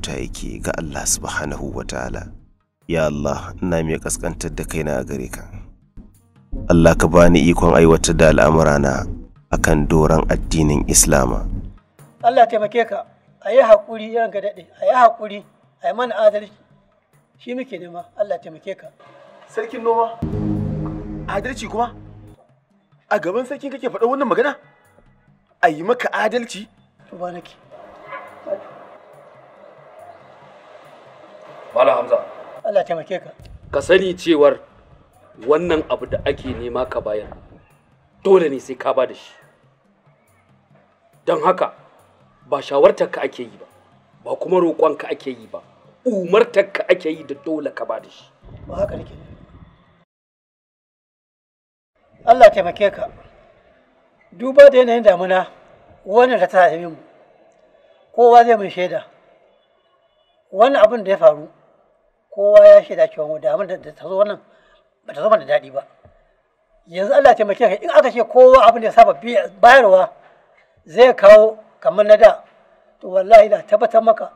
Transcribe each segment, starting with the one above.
bauta yake ga Allah subhanahu wa ta'ala ya Allah ina mai kaskantar da kaina a gare ka Allah ka bani ikon aiwatar da al'amurana akan doron addinin Islama Allah taimake ka a yi haƙuri irin ga a yi haƙuri a yi mana adalci shi muke nema Allah taimake ka sarkin noma adalci kuma a gaban sarkin kake faɗa wannan magana a yi maka adalci to ba nake Malam Hamza. Allah taimake ka. Ka sani cewar wannan abu da ake nema ka bayar dole ne sai ka ba da shi. Don haka ba shawartar ka ake yi ba, ba kuma roƙon ka ake yi ba, umartar ka ake yi da dole ka ba da shi. Ba haka nake. Allah taimake ka. Duba da yanayin damuna wannan da ta haife mu. Kowa zai mai shaida. Wannan abin da ya faru kowa ya shaida cewa mu da da ta zo wannan ba ta zo mana daɗi ba yanzu Allah taimake ka in aka ce kowa abin da ya saba bayarwa zai kawo kamar na da to wallahi na tabbatar maka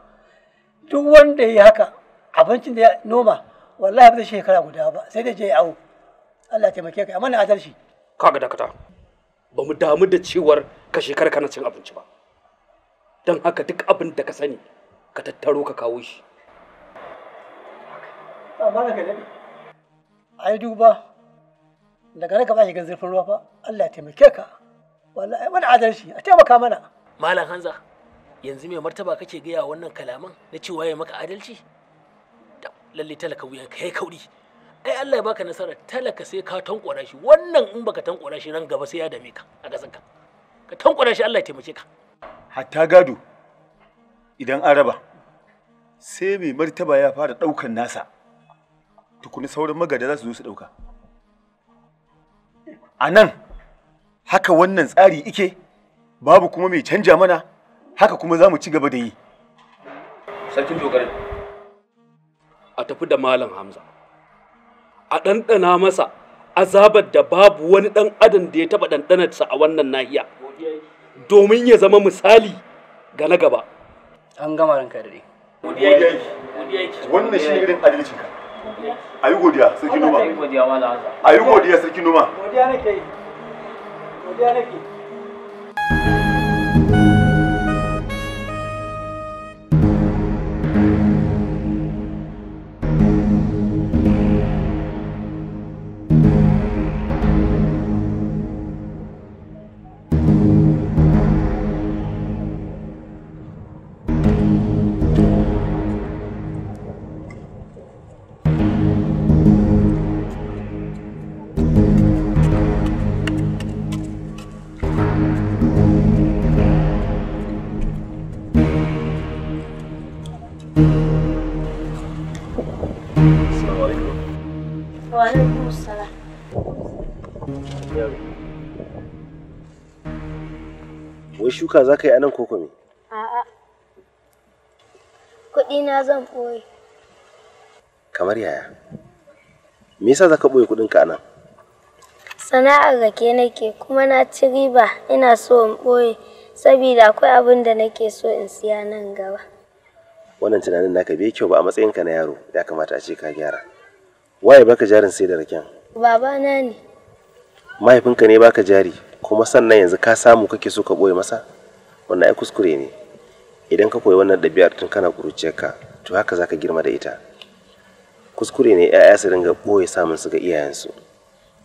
duk wanda ya haka abincin da ya noma wallahi ba zai shekara guda ba sai dai je awo Allah taimake ka amma na adalci kaga dakata ba mu damu da cewar ka shekara kana cin abinci ba don haka duk abin da ka sani ka tattaro ka kawo shi Amma daga daɗe. Ai duba, daga nan ka ba shi gan zurfin ruwa ba, Allah ya taimake ka. Wallahi wani adalci, a taimaka mana. Malam Hanza, yanzu me martaba kake gaya wannan kalaman na cewa ya maka adalci? Lalle talaka wuyan ka ya kauri. Ai Allah ya baka nasara talaka sai ka tankwara shi wannan in baka tankwara shi nan gaba sai ya dame ka a ƙasanka. Ka tankwara shi Allah ya taimake ka. Hatta gado idan an raba sai mai martaba ya fara ɗaukan nasa. tukuni saurin magada za su zo su ɗauka a nan haka wannan tsari ike babu kuma mai canja mana haka kuma za mu ci gaba da yi sarkin dogarin a tafi da malam hamza a ɗanɗana masa azabar da babu wani ɗan adam da ya taɓa ɗanɗanarsa a wannan nahiya domin ya zama misali ga na gaba an gama ranka da dai wannan shi ne irin adalcinka a yi godiya sarki noma a yi godiya sarki noma godiya nake godiya nake shuka za ka yi anan ko kome? A'a. Kuɗi na zan ɓoye. Kamar yaya? Me yasa za ka ɓoye kuɗinka anan? Sana'ar rake nake kuma na ci riba ina so in ɓoye saboda akwai abin da nake so in siya nan gaba. Wannan tunanin naka bai kyau ba a matsayinka na yaro ya kamata a ce ka gyara. Waye baka jarin sai da raken? Babana ne. Mahaifinka ne baka jari kuma sannan yanzu ka samu kake so ka ɓoye masa wannan ai kuskure ne idan ka koyi wannan ɗabi'ar tun kana ka to haka zaka girma da ita kuskure ne 'ya'ya su dinga ɓoye samun su ga iyayensu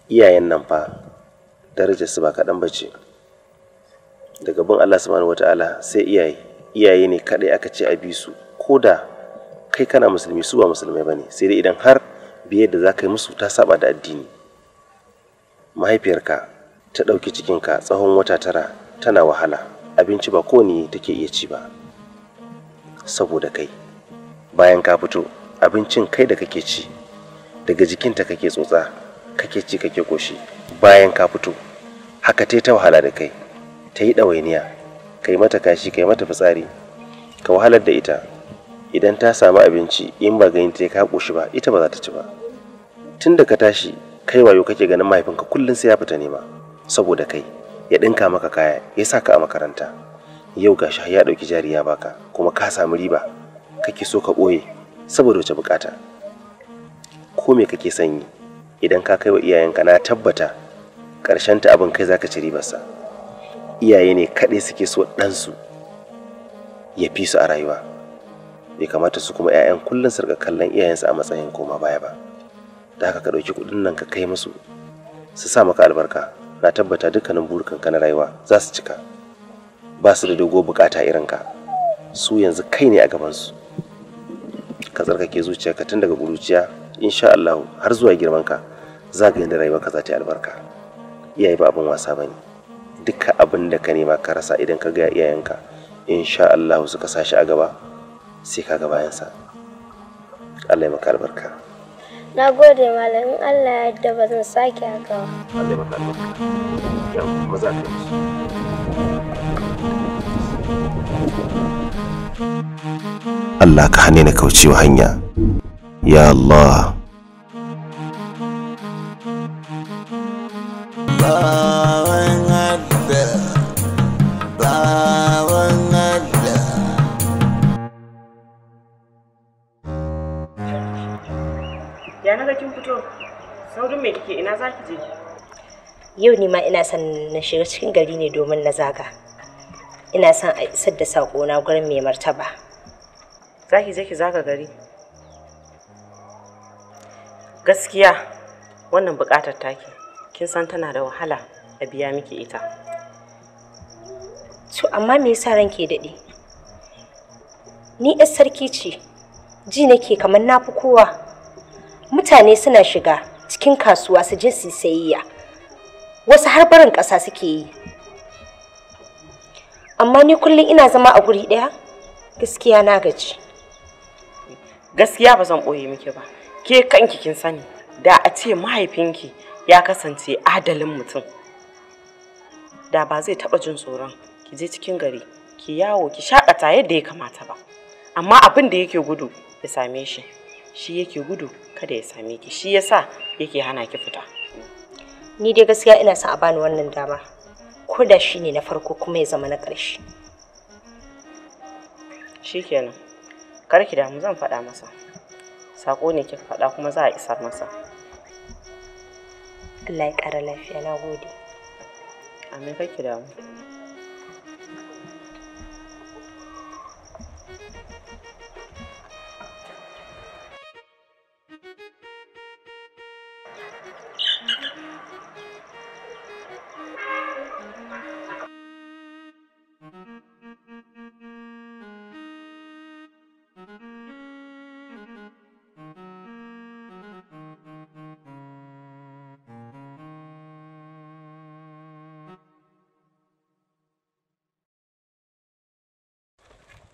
iyayen nan fa darajar su ba kaɗan bace. daga bin Allah subhanahu wata'ala sai iyaye iyaye ne kaɗai aka ce a bi su ko da kai kana musulmi su ba musulmai ba ne sai dai idan har biyar da za ka yi musu ta saba da addini mahaifiyarka ta ɗauki cikinka tsawon wata tara tana wahala abinci ba kowane take iya ci ba saboda kai bayan ka fito abincin kai da kake ci daga jikinta kake tsotsa kake ci kake koshi bayan ka fito haka ta ta wahala da kai ta yi ɗawainiya kai mata kashi kai mata fitsari ka wahalar da ita idan ta samu abinci in ba ganin ta ka koshi ba ita ba za ta ci ba tun da ka tashi kai wayo kake ganin mahaifinka kullum sai ya fita nema saboda kai ya ɗinka maka kaya ya sa ka a makaranta yau gashi ya ɗauki jariya baka kuma ka samu riba kake so ka ɓoye saboda wace bukata ko me kake sanyi idan ka kai wa iyayenka na tabbata Karshen ta abin kai zaka ci ribarsa iyaye ne kaɗai suke so ɗansu ya fi su a rayuwa bai kamata su kuma 'ya'yan kullum su kallon iyayensu a matsayin koma baya ba da haka ka ɗauki kuɗin nan ka kai musu su sa maka albarka na tabbata dukkanin burukanka na rayuwa za su cika ba su da dogo bukata irinka su yanzu kai ne a gabansu ka zuciya ka tun daga ƙuruciya insha Allah har zuwa girmanka za ka yadda rayuwarka za ta yi albarka iyaye ba abin wasa bane duka abin da ka nema ka rasa idan ka ga iyayenka insha Allah suka sashi a gaba sai ka ga bayansa Allah ya maka albarka Na gode malamin Allah ya yarda ba zan sake haka ba. Allah ka hane na kaucewa hanya. Ya Allah. Saurin me kike ina zaki je? Yau ni ma ina san na shiga cikin gari ne domin na zaga. Ina son a isar da sako na gurin mai martaba. Zaki je ki zaga gari. Gaskiya wannan bukatar take. Kin san tana da wahala a biya miki ita. To amma me yasa ranke daɗi? Ni 'yar sarki ce. Ji nake kamar na fi kowa. Mutane suna shiga cikin kasuwa su je su sayayya wasu har barin ƙasa suke yi amma ni kullum ina zama a guri ɗaya gaskiya na gaji gaskiya ba zan ɓoye miki ba ke kanki kin sani da a ce mahaifinki ya kasance adalin mutum da ba zai taɓa jin tsoron ki je cikin gari ki yawo ki shakata yadda ya kamata ba amma abin da yake gudu ya same shi shi yake gudu kada ya same ki shi yasa yake hana ki fita ni dai gaskiya ina son a bani wannan dama ko da shi ne na farko kuma ya zama na ƙarshe shikenan kar ki damu zan faɗa masa sako ne kika faɗa kuma za a isar masa Allah ya ƙara lafiya na gode amin kake damu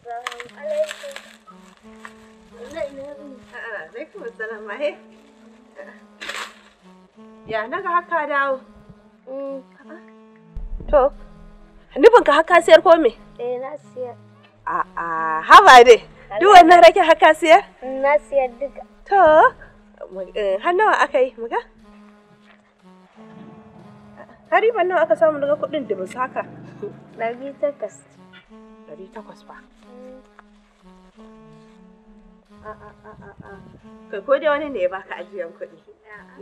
Assalamu alaikum. Alaikum assalam mahe. Ya na haka dawo. Mm. To, Nufinka haka siyar ko me? Eh na siyar. A'a, haba dai. Duk wannan rake haka siyar? Mm, na siyar duka. To, eh, har nawa aka yi muga? Hariban nawa aka samu daga kuɗin dubus haka? Ɗari takwas. Ɗari takwas ba. Ka ko dai wani ne ya baka ajiyar kuɗi.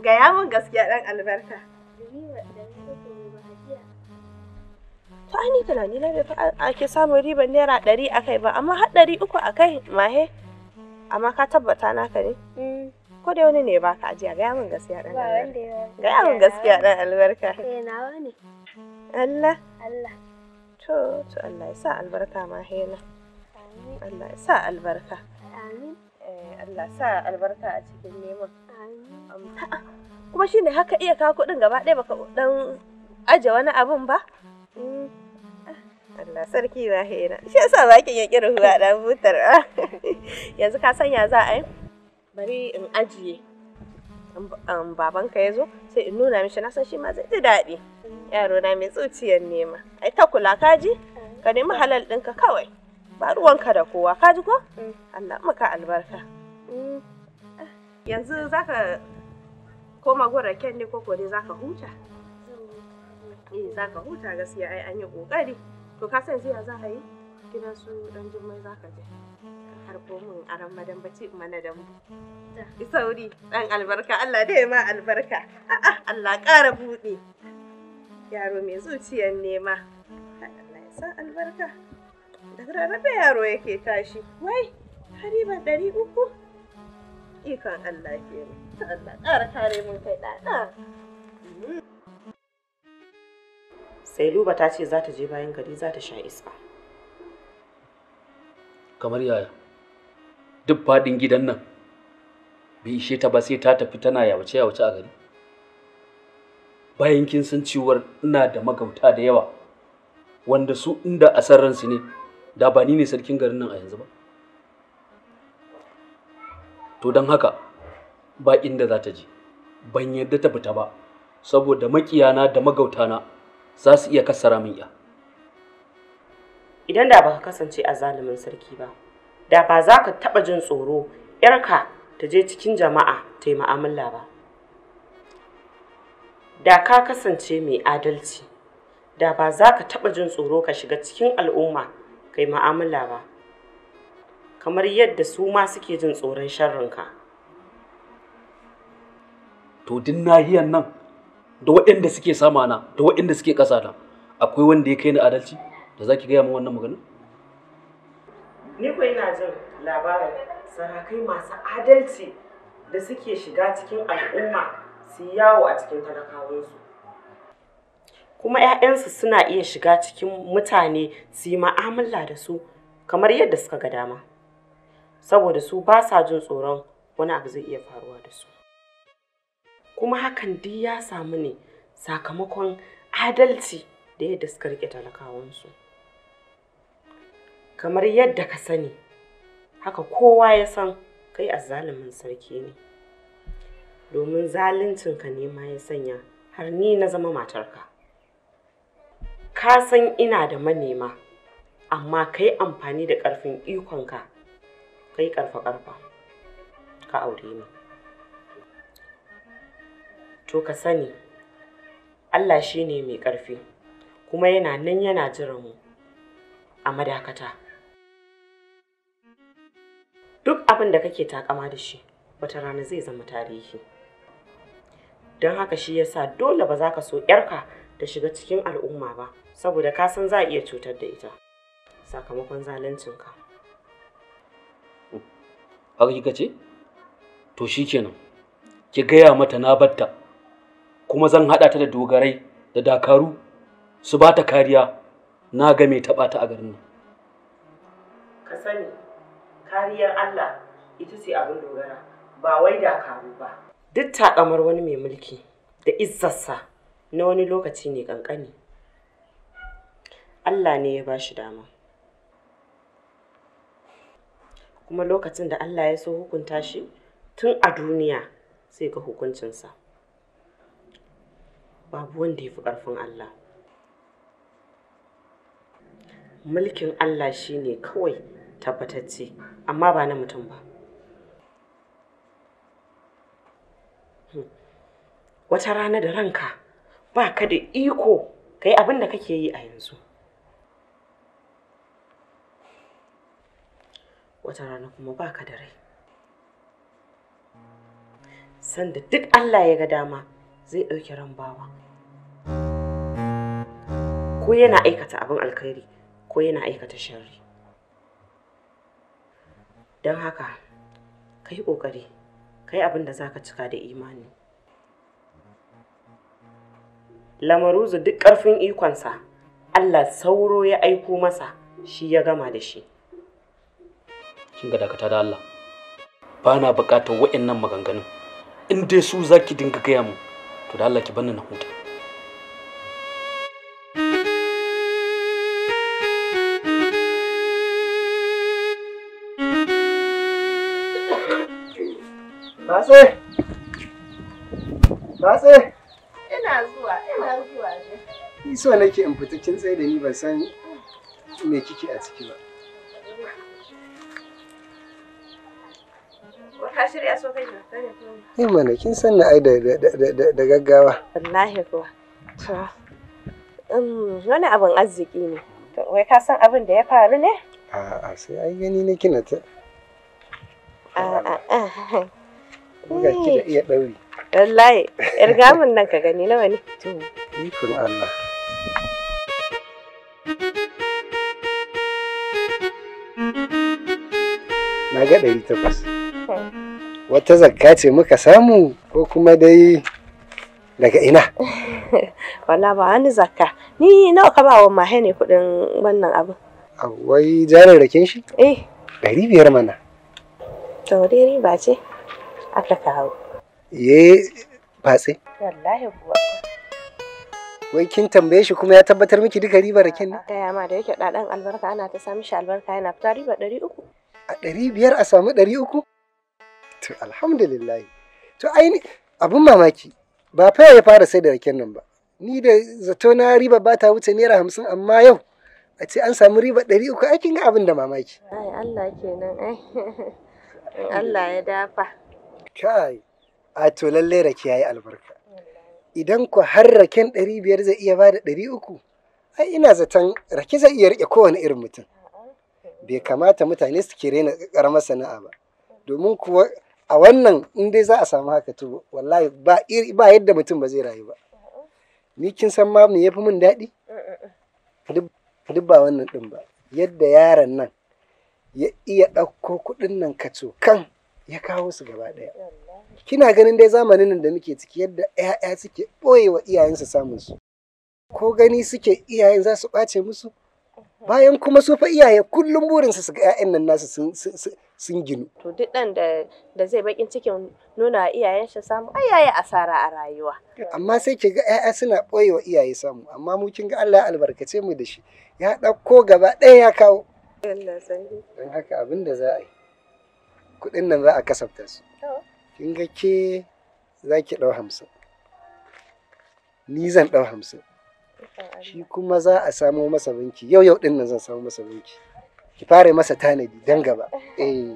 Gaya mun gaskiya ɗan albarka. To ai ni tunani na bai fa ake samun ribar naira ɗari a kai ba amma har ɗari uku a kai mahe. Amma ka tabbata naka ne? Mm. Ko dai wani ne ya baka ajiya gaya mun gaskiya ɗan albarka. Gaya mun gaskiya ɗan albarka. Eh, nawa ne. Allah. Allah. To to Allah ya sa albarka mahena. Allah ya sa albarka. Amin. Eh, Allah sa albarka a cikin neman. Kuma shine haka iya kawo kuɗin gaba ɗaya baka dan aje wani abun ba? Mm. Allah sarki hera. Shi yasa zakin ya kira ruwa dan butar. Yanzu ka sanya za a yi? Bari in ajiye. babanka ya zo sai in nuna mishi na san shi ma zai ji daɗi. Mm. Yaro na mai tsuciyar nema. Ai ta kula kaji? Ka nemi halal ɗinka kawai. ba ruwanka da kowa ka ji ko mm. Allah maka albarka mm. yanzu zaka koma gora ken ne koko ne zaka huta eh zaka huta gaskiya ai an yi kokari to ka san jiya za ka yi gidan su dan jummai zaka je harko mun aran madan bace mana da mu sauri dan albarka Allah da dai ma albarka a'a Allah ƙara buɗe yaro mai zuciyar nema Allah ya sa albarka da rarrafe yaro yake tashi wai hariban ɗari uku ikon Allah ke ta Allah ƙara kare mun kai ɗaɗa sai luba ta ce za ta je bayan gari za ta sha iska kamar yaya duk faɗin gidan nan bai ishe ta ba sai ta tafi tana yawace yawace a gari bayan kin san cewar ina da magauta da yawa wanda su inda a ransu ne da ba ni ne sarkin garin nan a yanzu ba to don haka ba inda za ta je ban yadda ta fita ba saboda makiyana da magautana za su iya kasara min ya idan da ba ka kasance a zalumin sarki ba da ba za ka taɓa jin tsoro yarka ta je cikin jama'a ta yi mu'amala ba da ka kasance mai adalci da ba za ka taɓa jin tsoro ka shiga cikin al'umma kai ma'amala ba kamar yadda su ma suke jin tsoron sharrinka to din nahiyar nan da waɗanda suke sama na da waɗanda suke ƙasa na akwai wanda ya kai ni adalci da za ki gaya min wannan maganin ni ko ina jin labarin sarakai masu adalci da suke shiga cikin al'umma su yawo a cikin talakawansu kuma 'ya'yansu suna iya shiga cikin mutane su yi ma'amala da su kamar yadda suka ga dama saboda su ba sa jin tsoron wani abu zai iya faruwa da su kuma hakan duk ya samu ne sakamakon adalci da yadda suka rike talakawansu kamar yadda ka sani haka kowa ya san kai azzalumin sarki ne domin zaluncinka ne ma ya sanya har ni na zama matarka ka san ina da manema amma ka yi amfani da ƙarfin ikonka ka yi ƙarfa-ƙarfa ka aure ni to ka sani allah shi ne mai ƙarfi kuma yana nan yana jiran mu a madakata duk abin da kake takama da shi wata rana zai zama tarihi don haka shi yasa dole ba za ka so 'yarka Da shiga cikin al'umma ba saboda ka san za a iya cutar da ita sakamakon zaluncinka haka kika ce to shi kenan ki gaya mata na batta kuma zan haɗa ta da dogarai da dakaru su ba ta kariya na ga mai taɓa ta a garin nan ka sani kariyar Allah ita ce abin dogara ba wai dakaru ba duk taƙamar wani mai mulki da izzarsa na wani lokaci ne ƙanƙani allah ne ya ba shi dama kuma lokacin da allah ya so hukunta shi tun a duniya sai ga hukuncinsa babu wanda ya fi ƙarfin allah mulkin allah shi ne kawai tabbatacce amma ba na mutum ba hmm. wata rana da ranka baka da iko ka yi abin da kake yi a yanzu wata rana kuma baka da rai sanda duk allah ya ga dama zai ɗauki ran bawa ko yana aikata abin alkhairi ko yana aikata sharri don haka ka yi ƙoƙari ka yi abin da za ka cika da imani lamaruzu duk ƙarfin ikonsa Allah sauro ya aiko masa shi ya gama da shi kin ga dakata da Allah ba na buƙatar waɗannan maganganun in dai su zaki dinga gaya mu to da Allah ki banni na huta That's it. That's it. ina zuwa ina zuwa shi so nake in fita kin tsaye da ni ban san me kike a ciki ba ka shirya so kai ne mana kin san na ai da gaggawa wallahi kuwa to um, wani abin arziki ne wai ka san abin da ya faru ne a'a sai ai gani na kina ta a'a Kuma ki da iya ɗauri. Wallahi, ‘yar gamun nan ka gani nawa ne? To, ikon Allah. Na ga ɗari takwas. Wata zakka ce muka samu ko kuma dai daga ina? Wala ba wani zakka. Ni nawa ka ba wa mahe ne kuɗin wannan abin? Wai jarin raken shi? Eh. Ɗari biyar mana. taurari ba ce. aka kawo. Ye fatse? Wallahi kuwa. Wai kin tambaye shi kuma ya tabbatar miki duka ribar kin ne? Gaya ma da yake ɗaɗan albarka ana ta sami shi albarka yana fita riba ɗari uku. A ɗari biyar a samu ɗari uku? To alhamdulillah. To aini abin mamaki ba fa ya fara sai da raken nan ba. Ni da zato na riba ba ta wuce naira hamsin amma yau a ce an samu riba ɗari uku aikin ga abin da mamaki. Ai Allah kenan ai. Allah ya dafa. kai a to lallai rake yi albarka idan ku har raken ɗari biyar zai iya bada ɗari uku ai ina zaton rake zai iya rike kowane irin mutum bai kamata mutane su ke ƙaramar sana'a ba domin kuwa a wannan in dai za a samu haka to wallahi ba yadda mutum ba zai rayu ba ni kin san ma me yafi mun daɗi duk ba wannan ɗin ba yadda yaron nan ya iya ɗauko kuɗin nan ka kacokan ya kawo su gaba ɗaya kina ganin dai zamanin nan da muke ciki yadda 'ya'ya suke ɓoye wa iyayensu samun su ko gani suke iyayen za su ɓace musu bayan kuma su fa iyaye kullum burinsu su ga 'ya'yan nan nasu sun ginu to duk ɗan da zai bakin cikin nuna iyayen shi samu ai yayi asara a rayuwa amma sai ki ga 'ya'ya suna ɓoye wa iyaye samu amma mu kin ga Allah ya albarkace mu da shi ya ɗauko gaba ɗaya ya kawo Allah don haka abin da za a yi kuɗin nan za a kasafta su kin ga ke za ki ɗau hamsin ni zan ɗau hamsin shi kuma za a samo masa banki yau yau ɗin nan zan samo masa banki ki fara masa tanadi dan gaba eh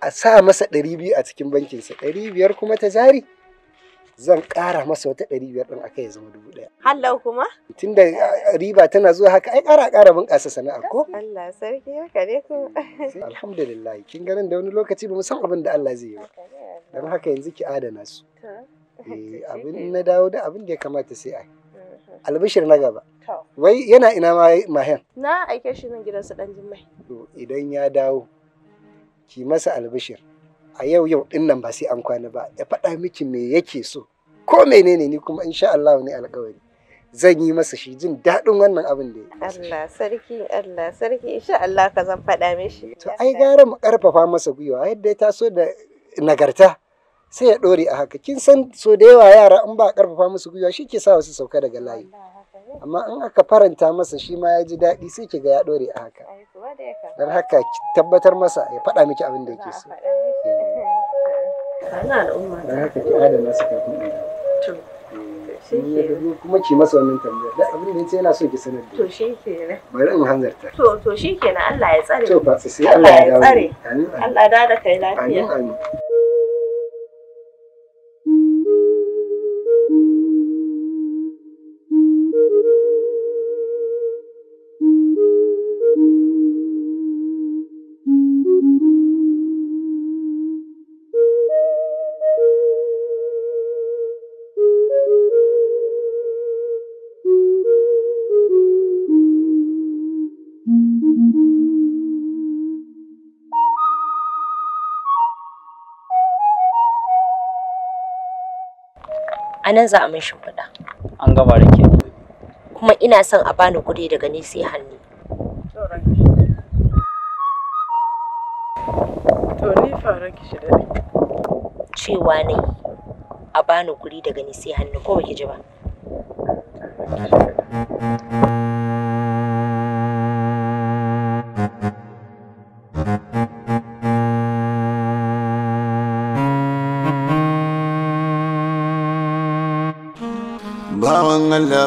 a sa masa ɗari biyu a cikin bankinsa ɗari biyar kuma ta jari zan ƙara masa wata ɗari biyar ɗin aka ya zama dubu ɗaya. Hallau kuma? Tun da ah, riba tana zuwa haka ai ƙara ƙara bunƙasa sana'a ko? Allah sarki haka ne ko. Alhamdulillah kin ganin da wani lokaci ba mu san abin da Allah zai yi ba. Don haka yanzu ki adana su. Eh, abin na dawo da abin da ya kamata sai a mm-hmm. Albishir na gaba. Wai yana ina mahen? Na aike shi nan su ɗan jimmai. Idan ya dawo ki masa albishir. a yau yau din nan ba sai an kwana ba ya faɗa miki me yake so ko menene ni kuma insha Allah ne alƙawari zan yi masa shi jin daɗin wannan abin da ya Allah sarki Allah sarki insha Allah ka zan faɗa mishi to ai gara mu karfafa masa gwiwa yadda ya taso da nagarta sai ya ɗore a haka kin san so da yawa yara in ba a ƙarfafa musu gwiwa shi ke sa wasu sauka daga layi amma in aka faranta masa shi ma ya ji daɗi sai ki ga ya ɗore a haka don haka tabbatar masa ya faɗa miki abin da yake so Ana al'umma. Da haka ki adana su kafin in To. kuma ki masa wannan tambayar da abin da yace yana so ki sanar da to shikenan bari in hanzarta to to shikenan Allah ya tsare to fa sai Allah ya tsare Allah ya da kai lafiya amin amin a nan za a mun shimfiɗa. An gaba da ke. Kuma ina son a bani kuɗi daga ni sai hannu. To ni fara ki shi daɗi. Cewa ne a bani kuɗi daga ni sai hannu ko baki ji ba.